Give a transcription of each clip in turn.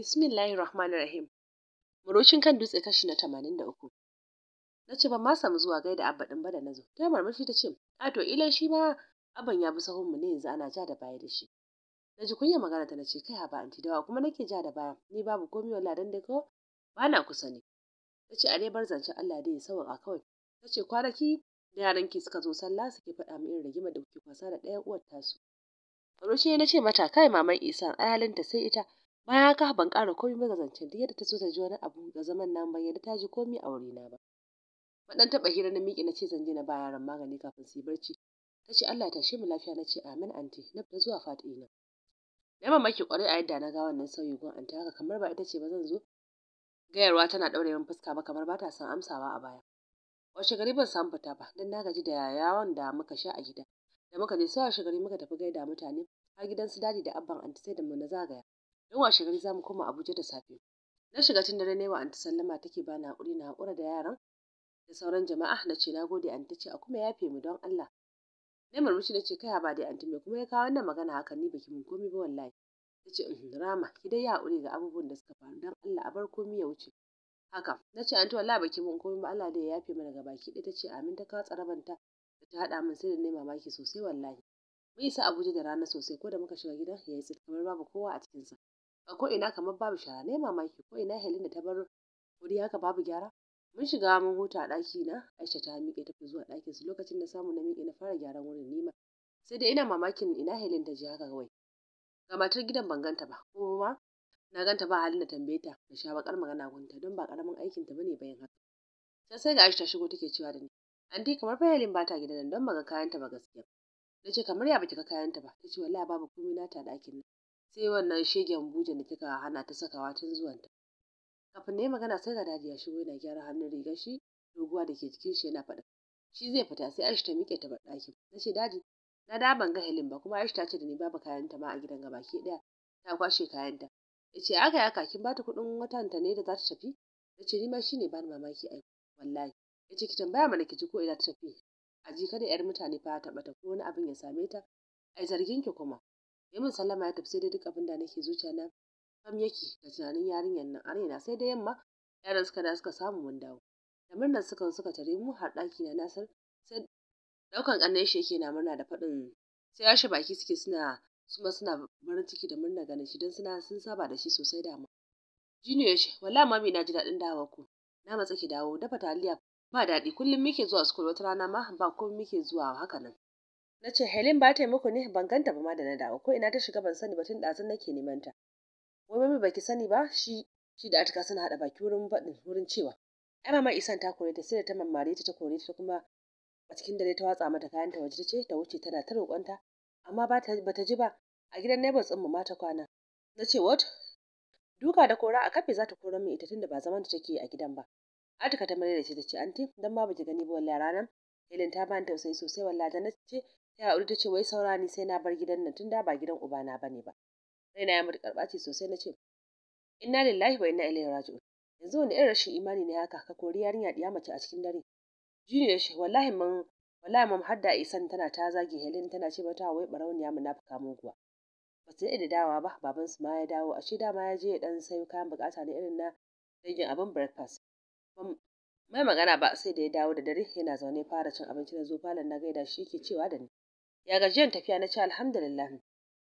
Bismillahir Rahmanir Rahim. Murocin kan dutse kashi na tamanin 83. Na ce ba ma samu zuwa gaida Abba din ba da nazo. Ta marmashi ta ce, "A to ila shi ma abin ya bi sahun mu ne yanzu ana ja da baya da shi." Na ji kunya magana ta nace, "Kai haba anti dawa kuma nake ja da baya. Ni babu komai wallahi dan dai ko ba na kusa ne." tace ce, "A bar zancen Allah dai ya sauka kawai." tace ce, "Kwanaki da ki suka zo sallah suke faɗa min irin rigimar da kuke kwasa da ɗayan uwar tasu." Murmushi na ce mata, "Kai maman Isa, ayalinta, sai ita." Baya, haka ban ƙara komai ba ga zancen duk yadda ta so ta ji wani abu ga zaman nan ban yadda ta ji komai a na ba. Mun ɗan taɓa hira na miƙe na ce zan je na ba yaran magani kafin su yi barci. Ta ce Allah ya tashe mu lafiya na ce amin anti na fita zuwa Fati na. Na mamaki kwarai a yadda na ga wannan sauyi gun anti haka kamar ba ita ce ba zan zo. Gayarwa tana ɗaure min fuska ba kamar ba ta son amsawa a baya. Washe gari ban samu fita ba don na gaji da yawon da muka sha a gida. Da muka je sai washe gari muka tafi gaida mutane har gidan su dadi da abban anti sai da mu na zagaya. don washe za mu koma abuja da safe na shiga tun dare wa anti sallama take bani haƙuri na haƙura da yaran da sauran jama'a na ce na gode anti ce a kuma yafe mu don allah na murmushi na ce kai ba dai anti me kuma ya kawo wannan magana haka ni baki mun komai ba wallahi ta ce uhm, rama ki dai ya haƙuri ga abubuwan da suka faru don allah a bar komai ya wuce haka na ce anti wallahi baki mun komai ba allah dai ya yafe mana gabaki ɗaya ta ce amin ta kawo tsarabanta da ta haɗa min sai da na mamaki sosai wallahi mun isa abuja da rana sosai ko da muka shiga gidan ya yi tsit kamar babu kowa a cikinsa a ko'ina kamar babu shara ne, mamaki, mamaki ko'ina Helena ta bar wuri haka babu gyara mun shiga mun huta a ɗaki na Aisha ta miƙe tafi zuwa ɗakin su lokacin na samu na miƙe na fara gyaran wurin nima sai dai ina mamakin ina Helen ta ji haka kawai ga matar gidan ban ganta ba kuma na ganta ba halin da tambaye ta na sha bakar magana gunta don ba karamin aikin ta bane bayan haka sai sai ga Aisha ta shigo take cewa da ni anti kamar fa Helen ba ta gidan don ba ga kayanta ba gaskiya na ce kamar ya baki ga kayanta ba ta ce wallahi babu komai na ta dakin nan sai wannan shegen bujan da kika hana ta sakawa tun zuwan ta Kafin na yi magana sai ga dadi ya shigo yana gyara hannun rigar shi doguwa da ke jikin shi yana faɗa. Shi zai fita sai Aisha ta miƙe ta bar ɗakin. Na ce daji na da ban ga Helen ba kuma Aisha ta ce da ni babu kayan ta ma a gidan gabaki ɗaya ta kwashe kayanta. Ya ce aka yaka kin bata kuɗin watan ta ne da za ta tafi? Ya ce ni ma shine bani mamaki ai wallahi. Ya ce ki tambaya mana ki ji ko ina ta tafi. Aji ji kada 'yar mutane fa ta bata ko wani abin ya same ta. Ai zargin ki kuma. ya min sallama ya tafi sai dai duk abin da nake zuciya na kam yake da tunanin yarinyar nan a raina sai da yamma yaran suka da suka samu mun dawo da murnar suka suka tare mu har ɗaki na nasar sai daukan shi yake na murna da faɗin sai ya baki suke suna suma suna barin ciki da murna ganin shi don suna sun saba da shi sosai da mu ya shi wallahi mami na ji daɗin dawo ku na matsa ki dawo dafa taliya ba daɗi kullum muke zuwa school wata rana ma ba komai muke zuwa haka nan Na ce, Helen ba ta muku ne ban ganta ba ma da na dawo ko ina ta shiga ban sani ba tun ɗazun nake neman ta. Wai mami baki sani ba shi shi da Atika suna haɗa baki wurin faɗin wurin cewa. Ai mama Isan ta kore ta sai da ta mamare ta ta kore ta kuma a cikin dare ta watsa mata kayan ta waje ta ce ta wuce tana ta roƙonta amma ba ta bata ji ba a gidan neighbors ɗin mu ma ta kwana. Na ce what? Duka da kora a kafe za ta kora min ita tunda ba zaman da take a gidan ba. Atika ta mare da ce ta ce anti dan ma baki gani ba wallahi ranar Helen ta bani tausayi sosai wallahi da na ce sai haɗu ta ce wai saura ni sai na bar gidan nan tunda ba gidan ubana bane ba Sai raina ya mata ɓaci sosai na ce inna lillahi wa inna ilaihi raji'un yanzu wani irin rashin imani ne haka ka kori yarinya ɗiya mace a cikin dare jini ya ce wallahi mun wallahi mun da isan tana ta zage Helen, tana ce mata wai barauniya munafuka muguwa ba ta da dawa ba baban su ma ya dawo ashe dama ya je ya dan sayo kayan bukata na irin na dangin abin breakfast mai magana ba sai da ya dawo da dare yana zaune fara cin abinci na zo falon na gaida shi ke cewa da ni ya gajiyan tafiya na ci alhamdulillah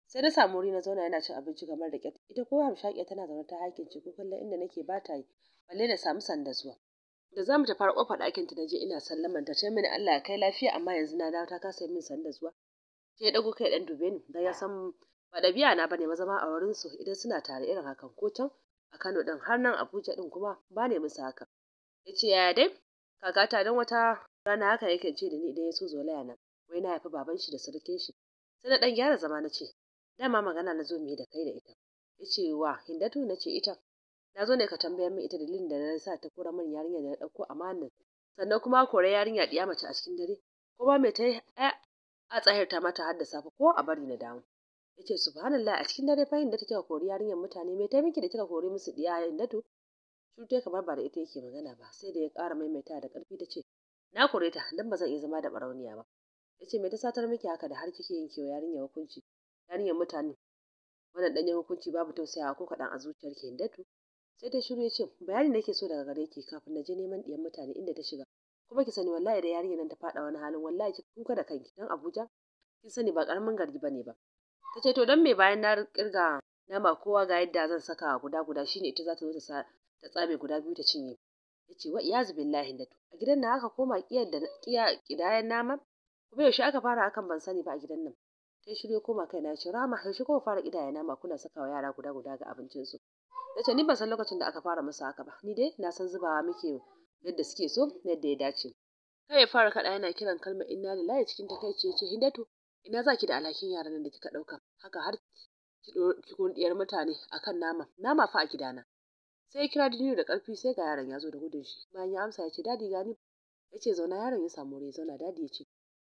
sai na samu wuri na zauna yana cin abinci kamar da kyat ita ko hamshaƙiya tana zaune ta hakin ce ko kallon inda nake ba ta yi balle na samu sanda zuwa da za mu tafi har ƙofar ɗakin ta je ina sallaman ta ce mini Allah ya kai lafiya amma yanzu na dawo ta kasa min sanda zuwa ke ya ɗago kai ɗan dube ni dan ya san ba ɗabi'a na bane maza ma a wurin su idan suna tare irin hakan ko can a Kano ɗin har nan Abuja ɗin kuma ba ne musu haka ya ce yaya dai kakata don wata rana haka yake ce da ni idan ya so zolaya nan wai na haifi baban shi da sarkin shi sai na dan gyara zama na ce dama magana na zo mu yi da kai da ita ya ce wa hindatu na ce ita na zo ne ka tambaya min ita dalilin da na sa ta kora min yarinya da na ɗauko amanar sannan kuma kore yarinya ɗiya mace a cikin dare ko ba mai ta yi a tsahirta mata har da safe ko a bari na damu ya ce subhanallah a cikin dare fahim da kika kori yarinyar mutane mai ta miki da kika kori musu ɗiya hindatu cutai kamar ba da ita yake magana ba sai da ya ƙara maimaita da ƙarfi ta ce na kore ta don ba zan iya zama da barauniya ba ya ce me ta satar miki haka da har kike yin kewa yarinyar hukunci yarinyar mutane wannan yin hukunci babu tausayawa ko kaɗan a zuciyar ki hindatu sai ta shiru ya ce bayani nake so daga gare ki kafin na je neman ɗiyan mutane inda ta shiga kuma ki sani wallahi da yarinyar nan ta faɗa wani halin wallahi ki kuka da kanki dan Abuja kin sani ba karamin gargi bane ba ta ce to dan me bayan na kirga nama kowa ga yadda zan saka guda guda shine ita za ta zo ta sa ta tsabe guda biyu ta cinye yace wa iyazu billahi da a gidan na haka koma kiyar da kiya kidayan nama kuma yaushe aka fara hakan ban sani ba a gidan nan sai shirye koma kai na ce rama yaushe kuma fara na nama kuna sakawa yara guda guda ga abincinsu na ce ni ban san lokacin da aka fara musu haka ba ni dai na san zubawa muke yadda suke so yadda ya dace kai ya fara kaɗa yana kiran kalma, inna lillahi cikin takaici ya ce hindatu ina za ki da alhakin yaran nan da kika ɗauka haka har ki kundiyar mutane akan nama nama fa a gidana sai ya kira duniya da ƙarfi sai ga yaron ya zo da gudun shi bayan ya amsa ya ce dadi gani ya ce zauna yaron ya samu wuri zauna dadi ya ce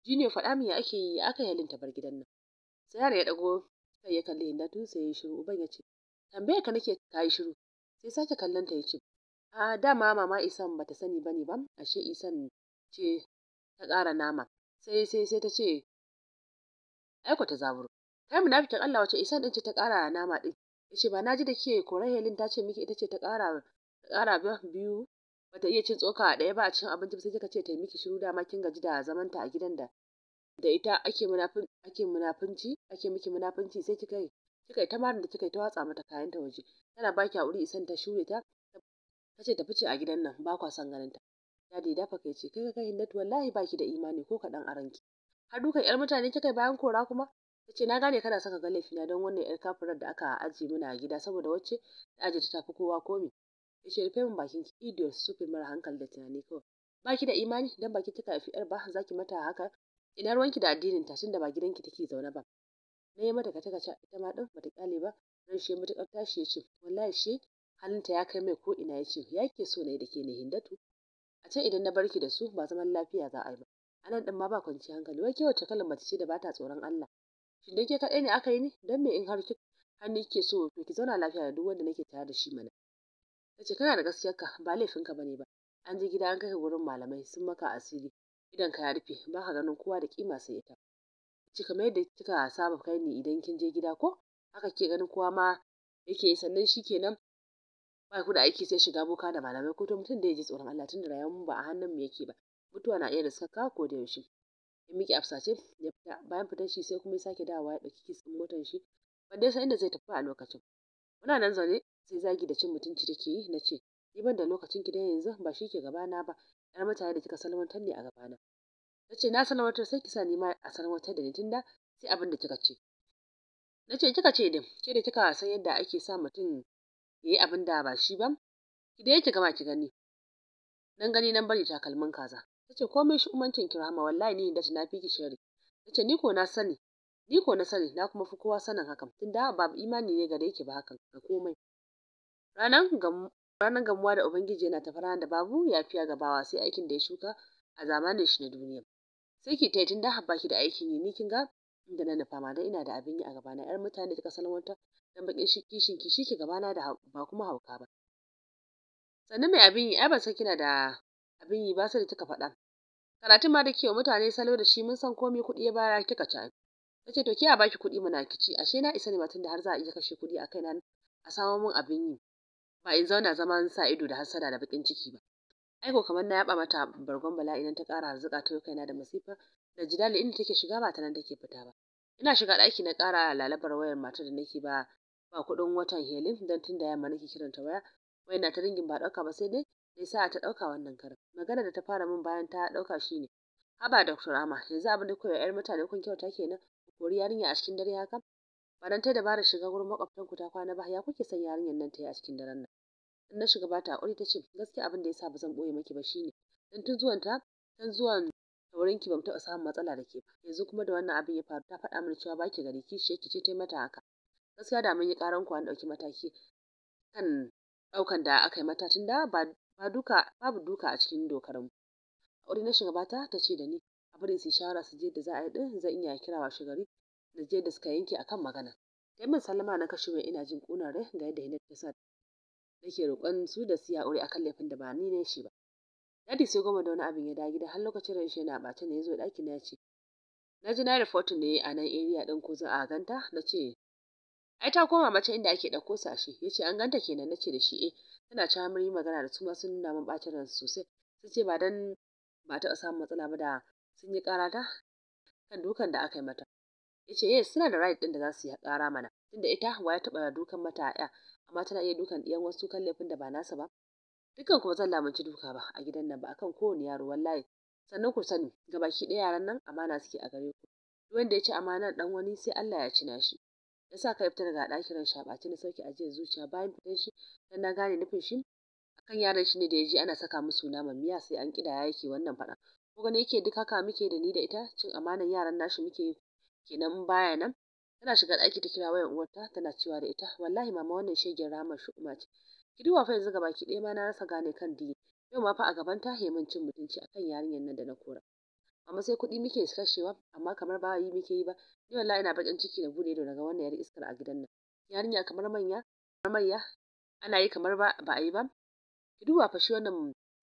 Junior faɗa min ya ake yi aka yi ta bar gidan nan. Sayar ya ɗago kai ya kalli tun sai ya yi shiru uban ya ce Tambaya ka nake ka yi shiru sai sake kallon ta ya ce a dama mama Isan bata sani bane ba ashe Isan ce ta ƙara nama sai sai sai ta ce aiko ta zaburo kai munafikin Allah wace Isan din ce ta ƙara nama din ce ba na ji da ke korar halin ta ce miki ita ce ta ƙara ƙara biyu bata iya cin tsoka A ɗaya ba a cikin abinci sai kika ce ta miki shiru dama kin gaji da zaman ta a gidan da da ita ake munafin ake munafinci ake miki munafinci sai kika yi kika yi ta marin da kika yi ta watsa mata kayan ta waje tana baki haƙuri isan ta shure ta ta ce ta fice a gidan nan ba kwa san ganin ta da dafa kai ce kai kai Hindatu wallahi baki da imani ko kaɗan a ranki har duka yar mutane kika bayan kora kuma tace na gane kana saka ga laifina don wannan yar kafirar da aka ajiye mana a gida saboda wacce ta aje ta tafi kowa komi ya ce rufe min bakin ki idiyar sufi mara hankali da tunani kawai ba ki da imani dan baki ta kafi yar ba za ki mata haka ina ruwanki da addinin ta tunda ba gidanki take zaune ba na yi mata kace kace ita ma din bata kyale ba ran shi mutukar tashi ya ce wallahi shi halinta ya kai mai ko ina ya ce ya ke so ne da ke ne hindatu a can idan na barki da su ba zaman lafiya za a yi ba a nan din ma ba kwanci hankali wai ke wacce mace ce da bata tsoron Allah shin dai ke kaɗai ne aka yi ni dan me in har ki hannu kike so to ki zauna lafiya da duk wanda nake tare da shi mana ta ce kana da gaskiyarka ba laifinka ba ne ba an je gida an kai wurin malamai sun maka asiri idan ka ya rufe ba ka ganin kowa da kima sai ita ce kamar yadda kika saba kai ne idan kin je gida ko haka ke ganin kowa ma yake sannan shikenan ba ku da aiki sai shiga boka da malamai ko to mutum da ya ji tsoron Allah tun da rayuwar ba a hannun mu yake ba mutuwa na iya da saka ko da yaushe ya miƙe afsace ya fita bayan fitar shi sai kuma ya sake dawowa ya ɗauki kitsin motar shi ban dai san inda zai tafi a lokacin muna nan zaune sai zagi da cin mutunci take yi na ce ni ban da lokacin ki yanzu ba shi ke gabana ba yar mutane da kika salwantar ne a gabana na ce na salwantar sai ki sa ni ma a salwantar da ni tunda sai abin da kika ce na ce kika ce din ke da kika san yadda ake sa mutum ya yi abin da ba shi ba ki dai ki gama ki gani nan gani nan bari takalmin kaza ta ce komai shi umancin ki rahama wallahi ni da na fi ki shari ta ce ni ko na sani ni ko na sani na kuma fi kowa sanin hakan tunda ba imani ne gare ki ba hakan ga komai Ranar gamuwa da Ubangiji yana tafe ranar da babu yafiya ga bawa sai aikin da ya shuka a zamanin shi na duniya. Sai ki tai tunda har baki da aikin yi ni kin ga inda na nufa ma dan ina da abin yi a gabana 'yar mutane kika salwantar dan bakin kishin ki shike gabana da ba kuma hauka ba. Sannu mai abin yi ai ba sai kina da abin yi ba sai da kika faɗa. Karatun ma da kiyo mutane salo da shi mun san komai kuɗi ya bara kika ci. nace to ke a baki kuɗi muna kici ashe na isa ne matan tunda har za a iya kashe kuɗi a kaina a samo min abin yi. ba in zauna zaman sa ido da hassana da bakin ciki ba aiko kamar na yaba mata bargon bala'i idan ta kara zuka ta kaina da masifa da jidali inda take shiga ba ta nan take fita ba ina shiga ɗaki na kara lalabar wayar matar da nake ba ba kuɗin watan helin don tun da yamma nake kiranta waya wai na ta ringin ba dauka ba sai dai dai sa ta ɗauka wannan karin magana da ta fara min bayan ta ɗauka ne. haba dr ama yanzu abin da koyar mutane kun kyauta kenan kori yarinya a cikin dare haka ba ta dabara shiga gurin makwabtan ku ta kwana ba ya kuke son yarinyar nan ta yi a cikin daren nan in na shiga bata aure ta ce gaskiya abin da yasa ba zan boye maki ba shine dan tun zuwan ta tun zuwan taurin ki ban taɓa samun matsala da ke ba yanzu kuma da wannan abin ya faru ta faɗa mini cewa baki gari kishi ki ce tai mata haka gaskiya da mun yi karan ku an dauki mataki kan ɗaukan da aka yi mata tunda ba ba duka babu duka a cikin dokar mu aure na shiga ta ce da ni a bari su shawara su je da za a yi din zan iya kirawa gari na je da suka yanke akan magana kai min sallama na kashe mai ina jin kunar rai ga yadda hinar ta sa nake roƙon su da siya aure akan laifin da ba ni ne shi ba Ladi sai goma da wani abin ya dawo gida har lokacin ran shi yana ɓace ne ya zo ɗaki na ce na ji na rifotin ne a nan area ɗin ko za a ganta na ce ai ta koma mace inda ake ɗauko sashe ya ce an ganta kenan na ce da shi eh tana cewa mun magana da su ma sun nuna min ɓacin ransu sosai sun ce ba dan ba ta samun matsala ba da sun yi karata. kan dukan da aka yi mata ya ce eh, suna da right ɗin da za su yi ƙara mana tunda ita wa ya taɓa dukan mata aya amma tana iya dukan ɗiyan wasu kan laifin da ba nasa ba dukkan kuma zan lamunci duka ba a gidan nan ba akan kowane yaro wallahi sannan ku sani baki ɗaya yaran nan amana suke a gare ku duk wanda ya ci amanar dan wani sai Allah ya ci nashi. ya sa ka fita daga ɗakin ran shabaci na sauke ajiyar zuciya bayan fitan shi dan na gane nufin shi akan yaran shi ne da ya ji ana saka musu naman miya sai an ya yake wannan faɗa ko gani yake duk haka muke da ni da ita cin amanar yaran nashi muke yi kenan baya nan tana shiga ɗaki ta kira wayan uwarta tana cewa da ita wallahi mama wannan shegen ramar kuma ce ki duba fa yanzu gabaki ɗaya ma na rasa gane kan dini yau ma fa a gaban ta min cin mutunci akan yarinyar nan da na kora amma sai kuɗi muke kashewa amma kamar ba yi muke yi ba ni wallahi ina bakin ciki da bude ido daga wannan yar iskar a gidan nan yarinya kamar manya kamar manya ana yi kamar ba a yi ba ki duba fa shi wannan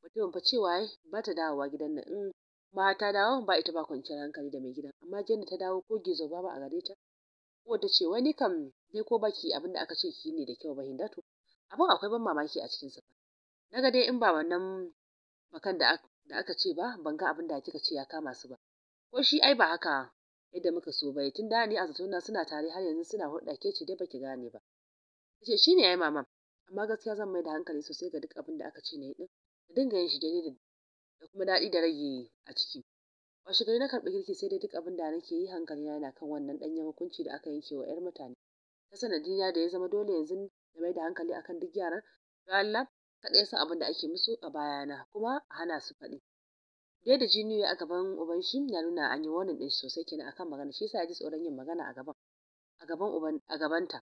mutumin fa cewa ba ta dawowa gidan nan in mata dawon ba ita ba kwanciyar hankali da mai gidan amma jiyan da ta dawo ko gizo ba ba a gare ta ko ta ce wani kam dai ko baki abinda aka ce ki ne da kyau ba hindatu abin akwai ban mamaki a cikin sa na ga dai in ba wannan bakan da da aka ce ba ban ga abin da kika ce ya kama su ba ko shi ai ba haka yadda muka so bai tun da ni a zatona suna tare har yanzu suna hulɗa ke ce dai baki gane ba ce shine ai mama amma gaskiya zan mai da hankali sosai ga duk abin da aka ce na yi din dinga yin shi daidai da da kuma daɗi da rage a ciki washe gari na karɓi girki sai dai duk abin da nake yi hankali yana kan wannan ɗanyen hukunci da aka yanke wa 'yar mutane ta sanadina da ya zama dole yanzu da mai da hankali akan duk yaran don Allah kaɗai san abin da ake musu a bayana kuma a hana su faɗi dai da jiniyo a gaban uban shi ya nuna an yi wannan ɗin sosai kenan akan magana shi yasa ya ji tsoron yin magana a gaban a gaban uban a gabanta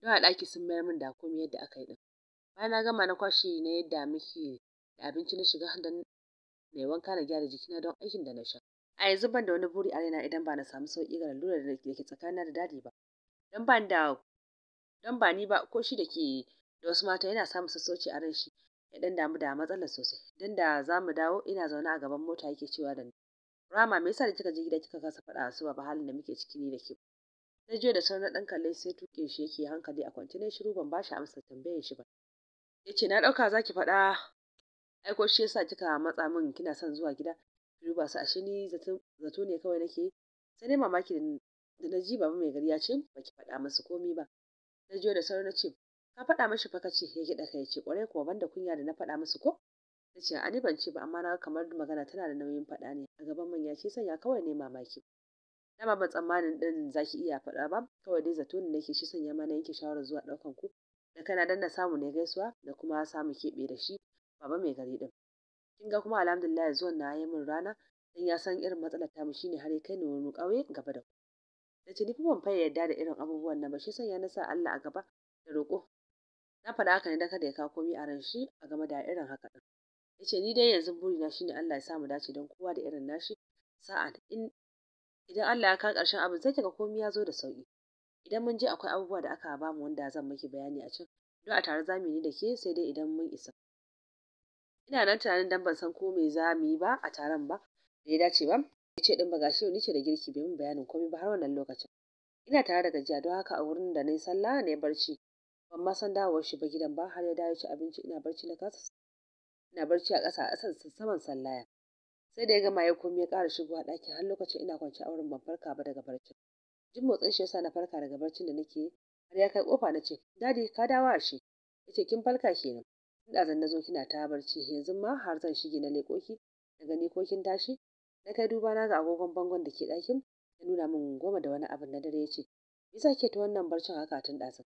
don a ɗaki sun mayar min da komai yadda aka yi ɗin bayan na gama na kwashe na yadda muke da abinci na shiga dan Mai wanka da gyara jikina don aikin da na sha a yanzu ban da wani buri a raina idan ba na samu sauƙi ga lalurar da ke tsakanina da dadi ba don ba da don ba ni ba ko shi da ke da wasu mata yana samun sassauci a ran shi ya dan damu da matsalar sosai don da za mu dawo ina zaune a gaban mota yake cewa da ni rama me yasa da kika je gida kika kasa faɗa su ba halin da muke ciki ni da ke na je da sauran ɗan kalle sai tuke shi yake hankali a kwance shiru ban bashi amsa tambayar shi ba Ya ce na ɗauka, za ki faɗa ai ko shi yasa kika matsa min kina son zuwa gida duba su ashe ni zato ne kawai nake sai dai mamaki da na ji baba mai gari ya ce baki faɗa masa komi ba na jiyo da sauran na ce ka faɗa mashi fa ce ya gida kai ce kwarai kuwa banda kunya da na faɗa masa ko na ce ani ban ce ba amma na kamar magana tana da nauyin faɗa ne a gaban manya shi sanya kawai ne mamaki dama ba tsammanin din zaki iya faɗa ba kawai dai zato ne nake shi sanya mana yanke shawarar zuwa ɗaukan ku da kana dan na samu ne gaisuwa da kuma samu keɓe da shi baba mai gari din kin ga kuma alhamdulillah zuwan na yi min rana dan ya san irin matsalar ta mu shine har ya kai ni wani ƙauye gaba da ku da ce ni ban yarda da irin abubuwan nan ba shi sanya na sa Allah a gaba da roƙo na faɗa haka ne dan kada ya kawo komai a ran shi a game da irin haka din yace ni dai yanzu burina shine Allah ya sa mu dace dan kowa da irin nashi sa'a in idan Allah ya kawo ƙarshen abin sai kaga komai ya zo da sauƙi. idan mun je akwai abubuwa da aka ba mu wanda zan miki bayani a can don a tare mu yi da ke sai dai idan mun isa ina nan tunanin dan ban san ko me za mu yi ba a taron ba da ya dace ba ya ce din ba gashi ni ce da girki bai bayanin komai ba har wannan lokacin ina tare da gajiya don haka a wurin da na yi sallah na yi barci ban ma san dawowar shi ba gidan ba har ya dawo ci abinci ina barci na kasa ina barci a ƙasa a ƙasan saman sallaya sai da ya gama ya komai ya ƙara shigowa ɗakin har lokacin ina kwance a wurin ban farka ba daga barcin jin motsin shi yasa na farka daga barcin da nake har ya kai kofa na ce dadi ka dawo a shi ce kin farka kenan ina na zo kina ta barci yanzu ma har zan shige na leƙo ki na gani ko kin tashi na kai duba na ga agogon bangon da ke ɗakin ya nuna min goma da wani abin na dare ya ce me za ke ta wannan barcin haka tun ɗazan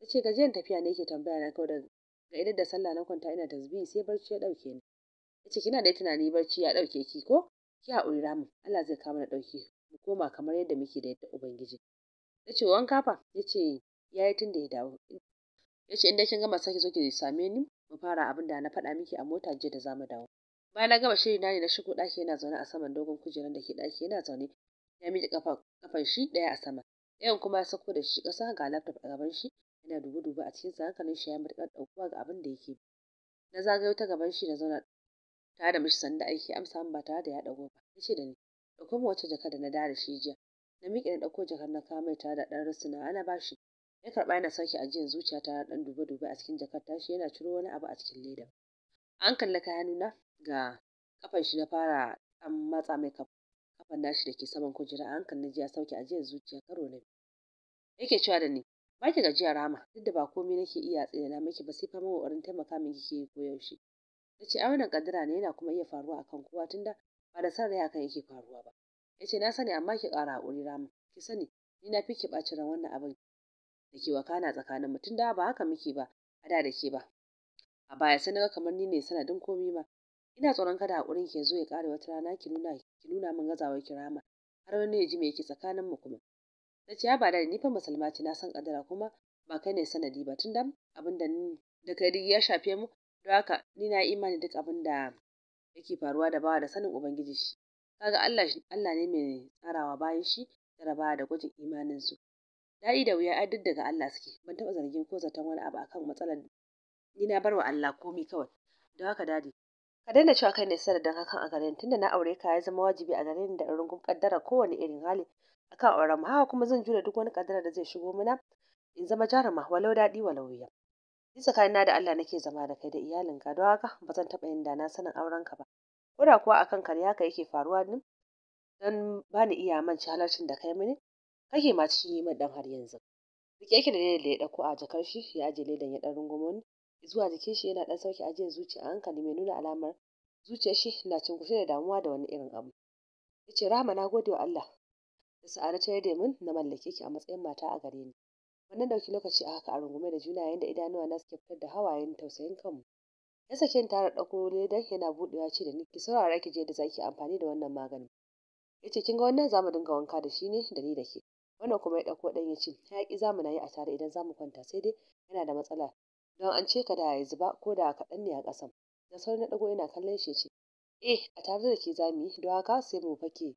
na ce gajiyan tafiya ne yake tambaya na kawai daga idan da sallah na kwanta ina tasbihi sai barci ya ɗauke ni ya ce kina da tunani barci ya ɗauke ki ko ki haƙuri ramin Allah zai kama na ɗauki mu koma kamar yadda muke da yadda ubangiji na ce wanka fa ya ce ya yi tun da ya dawo ya ce inda kin gama sake zo ki same ni mu fara abin da na faɗa miki a mota jiya da za mu dawo bayan na gama shiri na ne na shigo ɗaki yana zaune a saman dogon kujerar da ke ɗaki yana zaune ya miƙe kafa kafan shi ɗaya a sama ɗayan kuma ya sako da shi ƙasa ga laptop a gaban shi yana dubu dubu a cikin sa hankalin shi ya matuƙar ɗaukuwa ga abin da yake na zagayo ta gaban shi na zauna tare da mishi sanda aiki amsa min ba tare da ya ɗago ba ya ce da ni ɗauko min wata jaka da na da da shi jiya na miƙe na ɗauko jakar na kawo mai tare da ɗan rusuna ana ba shi ya karɓa yana sauke ajiyar zuciya ta ɗan dube dube a cikin jakar tashi yana ciro wani abu a cikin leda an kalli kayanuna ga kafan shi na fara an matsa mai kafan nashi da ke saman kujera a hankali ji ya sauke ajiyar zuciya karo na biyu yake cewa da ni ba ki gajiya rama duk da ba komai nake iya na miki ba sai fa mawa taimaka min kike yi koyaushe ta ce a wannan kaddara ne yana kuma iya faruwa akan kowa da ba da san rai akan yake faruwa ba ya ce na sani amma ki ƙara haƙuri rama ki sani ni na fi ki ɓacin ran wannan abin da ke wakana tsakanin mu tun da ba haka muke ba a da da ke ba a baya sai naga kamar ni ne sanadin komai ma ina tsoron kada hakurin ke zo ya kare wata rana ki nuna ki nuna min gazawar kirama har wani ya ji me yake tsakanin mu kuma ta ce ba da ni fa musulma ce na san kadara kuma ba kai ne sanadi ba tunda da abin da kai ya shafe mu don haka ni na imani duk abin da yake faruwa da bawa da sanin ubangiji shi kaga Allah Allah ne mai tsarawa bayan shi da da gwajin imanin su Daɗi da wuya ai duk daga Allah suke. Ban taɓa zargin ko zaton wani abu akan matsalar ni na bar wa Allah komai kawai. Don haka dadi ka daina cewa kai ne da sanadin hakan a gare ni tunda na aure ka ya zama wajibi a gare ni da irin rungumi kaddara kowane irin hali akan auren mu haka kuma zan jure duk wani kaddara da zai shigo mana in zama jaruma walau daɗi walau wuya. Ni tsakanina da Allah nake zama da kai da iyalinka don haka ba zan taɓa yin da na sanin aurenka ba. Ko da kuwa akan ka ne haka yake faruwa din don ba iya mance halarcin da kai mini kake ma cikin ya yi ɗan har yanzu. Riƙe yake da ledar da ya ɗauko a jakar shi ya ajiye ledan ya ɗan rungumo zuwa jikin shi yana ɗan sauki ajiyar zuciya a hankali mai nuna alamar zuciyar shi na cunkushe da damuwa da wani irin abu. Ya ce Rahama na gode wa Allah da sa'ada ta yarda mun na mallake ki a matsayin mata a gare ni. Wannan ɗauki lokaci a haka a rungume da juna yayin da idanuwa na suke fitar da hawayen tausayin kanmu. Ya sake tara ɗauko ledan yana buɗewa ce da ni ki saurara ki je da zaki amfani da wannan magani Ya ce kin ga wannan za mu dinga wanka da shi ne da ni da ke. wannan kuma ya ɗauko ɗan ya ce hayaƙi za mu na yi a tare idan za mu kwanta sai dai yana da matsala don an ce ka da ya zuba ko da kaɗan ne a ƙasan da sauran na ɗago yana kallon shi ce eh a tare da ke za mu yi don haka sai mu fake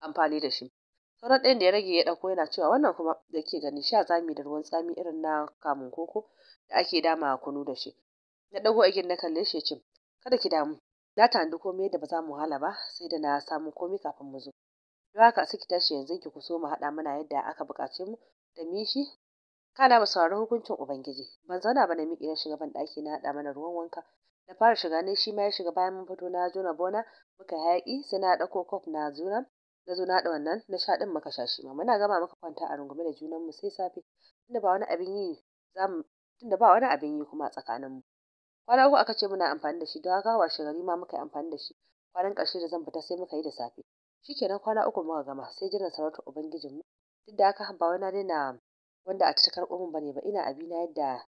amfani da shi sauran ɗayan da ya rage ya ɗauko yana cewa wannan kuma da ke gani sha tsami da ruwan tsami irin na kamun koko da ake dama kunu da shi na ɗago igin na kalle shi ce kada ki damu na tanadi komai da ba za mu hala ba sai da na samu komai kafin mu zo Don haka sai ki tashi yanzu ki kuso mu haɗa mana yadda aka buƙace mu da mu shi. Kana mu saurari hukuncin Ubangiji. Ban zauna ba na miƙe na shiga ban ɗaki na haɗa mana ruwan wanka. Na fara shiga ne shi ma ya shiga bayan mun fito na na bona muka haƙi sai na ɗauko kof na juna. Na zo na haɗa wannan na sha ɗin muka sha shi ma. Muna gama muka kwanta a rungume da junan mu sai safe. Tunda ba wani abin yi za mu tunda ba wani abin yi kuma a tsakaninmu. Kwana uku aka ce muna amfani da shi don haka washe gari ma muka yi amfani da shi. Kwanan ƙarshe da zan fita sai muka yi da safe. shikenan kwana uku muka gama sai jiran sarautar mu duk da haka ba wani na wanda a ta karɓo bane ba ina abina yadda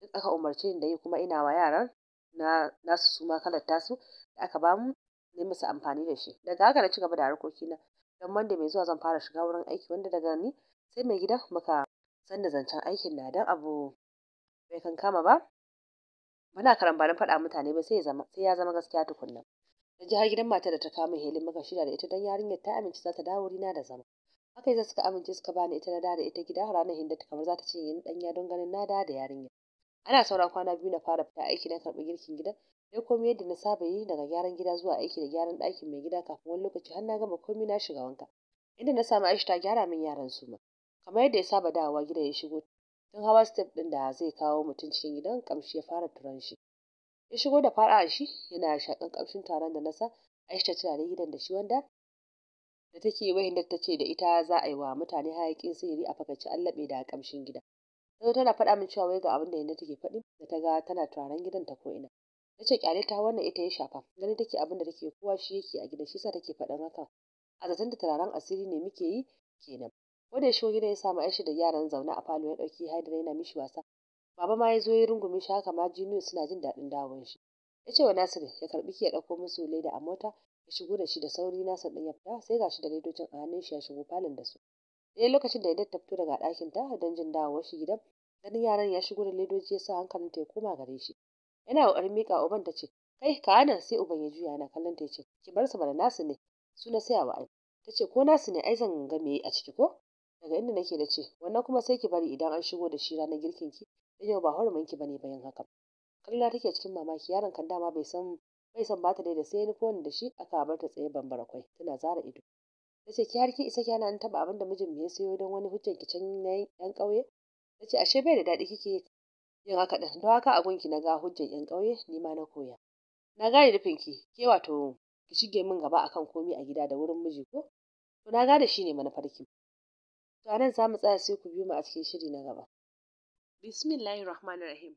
duk aka umarce ni da yi kuma ina wa yaran na nasu su ma kalar tasu da aka bamu na musu amfani da shi daga haka na cigaba gaba da na don wanda mai zuwa zan fara shiga wurin aiki wanda daga ni sai mai gida muka san da zancen aikin na dan abu bai kankama ba muna karambanin faɗa mutane ba sai ya zama sai ya zama gaskiya tukunna da jihar gidan matar da ta kama helin muka shirya da ita don yarinyar ta amince za ta dawo rina da zama. Haka yasa suka amince suka bani ita na da ita gida ranar hindata kamar za ta ce yin ɗanya don ganin na da da yarinya. Ana sauran kwana biyu na fara fita aiki na karɓi girkin gidan. Dai komai yadda na saba yi daga gyaran gida zuwa aiki da gyaran ɗakin mai gida kafin wani lokaci har na gama komai na shiga wanka. Inda na samu Aisha ta gyara min yaran su ma. Kamar yadda ya saba dawowa gida ya shigo tun hawa step ɗin da zai kawo mutum cikin gidan kamshi ya fara turan shi. ya shigo da fara shi yana shakan kamshin taron da nasa Aisha tana da gidan da shi wanda da take wahin da tace da ita za a yi wa mutane hayakin sihiri a fakaci allabe da kamshin gida sai tana faɗa min cewa wai ga abin da yanda take faɗi da ta ga tana turaren gidan ta ko ina nace kyale ta wannan ita ya shafa gani take abin da take kowa shi yake a gida shi yasa take faɗan haka a zaton da turaren asiri ne muke yi kenan wanda ya shigo gidan ya samu Aisha da yaran zaune a falo ya ɗauki haidara yana mishi wasa Baba ma ya zo ya rungume shi haka ma Junior suna jin daɗin dawon shi. Ya ce wa Nasir ya karɓi ki ya ɗauko musu leda a mota ya shigo da shi da sauri Nasir ɗin ya fita sai ga shi da ledojin a hannun shi ya shigo falon da su. Ɗaya lokacin da ya ta fito daga ɗakin ta don jin dawowar shi gidan ganin yaran ya shigo da ledoji ya sa hankalin ta ya koma gare shi. Yana ƙoƙarin miƙa uban ta ce kai ka hana sai uban ya juya yana kallon ta ya ce ki bar su bana nasu ne su na wa ai. Ta ce ko nasu ne ai zan ga me a ciki ko? daga inda nake da ce wannan kuma sai ki bari idan an shigo da shi ranar girkin ki dan yau ba hurumin ki bane bayan haka kalla take cikin mamaki yaron kan dama bai san bai san bata da sai ni ko da shi aka bar ta tsaye bambara kwai tana zara ido nace ki har ki isa ki hana ni taba abinda da mijin mu ya sayo don wani hujjar ki can na yan kauye nace ashe bai da daɗi kike yin haka din don haka a gunki na ga hujjar yan kauye ni ma na koya na gane rufin ki ke wato ki shige min gaba akan komi a gida da wurin miji ko to na gane shine ki To nan za mu tsaya sai ku biyo mu a cikin shiri na gaba. Bismillahirrahmanirrahim. Rahim.